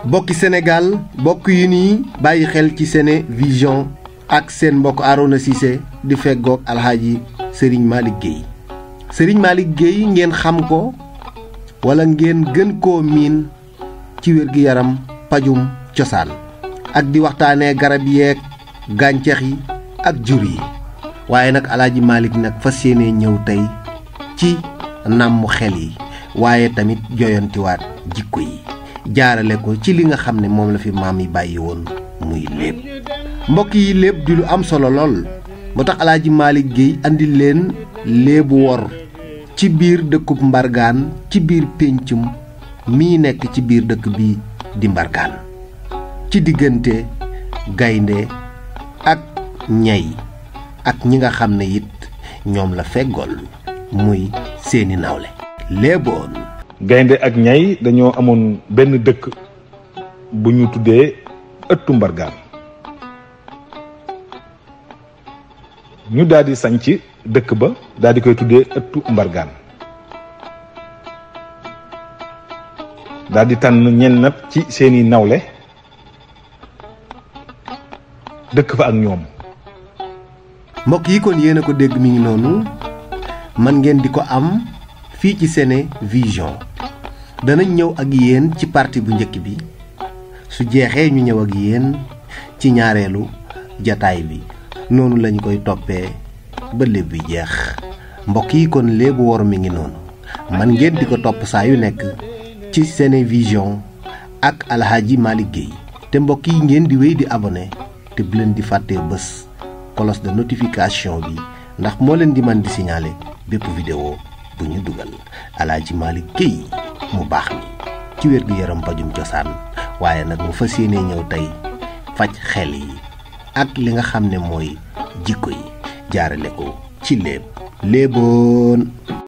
Boki Senegal, bokk yi Bayi Khel xel Vision Aksen seen mbokk Arona Cissé di feggoog alxaaji Serigne Malick Guèye Serigne Malick Guèye ngeen xam ko wala ngeen gën ko min ci wér-gi-yaram pajum cosaan ak di waxtaanee garab yeeg gàncax yi ak jur yi waaye nag alaaji malik nak fas yéenee ñëw ci nàmm xel tamit jikko yi jaarale ko ci li nga xam ne moom la fi maam yi bàyyi woon muy léeb mbokk yi léeb di lu am solo lool moo tax alaaji Malick Guèye andi leen léebu wor ci biir dëkkub mbargaan ci biir péncum mi nekk ci biir dëkk bi di mbargaan ci diggante gaynde ak ñay ak ñi nga xam ne it ñoom la fegool muy seeni nawle léeboon gaynde ak ñay dañoo amoon benn dëkk bu ñu tuddee ëttu mbargaan ñu daldi di sañc dëkk ba daal di koy tuddee ëttu mbargaan daal tànn ñenn ci seeni nawle dëkk fa ak ñoom mbokk yi kon yéen a ko dégg mi ngi noonu man ngeen di ko am fii ci seeni Vision danañ ñëw ak yéen ci parti bu njëkk bi su jeexee ñu ñëw ak yéen ci ñaareelu jataay bi noonu lañ koy toppee ba léeb bi jeex mbokk yi kon wor mi ngi noonu man ngeen di ko topp saa yu nekk ci vision ak alhaji malik gueye te mbokk yi ngeen di wéy di abonné te bu leen di bés colos de notification bi ndax moo leen di man di signaler bépp vidéo bu ñu dugal alhaji malik gueye mu baax mi ci wér gu yaram pajum cosaan waaye nag mu fas yéene ñëw tey faj xel yi ak li nga xam ne mooy jikko yi jaarale ko ci léeb léeboon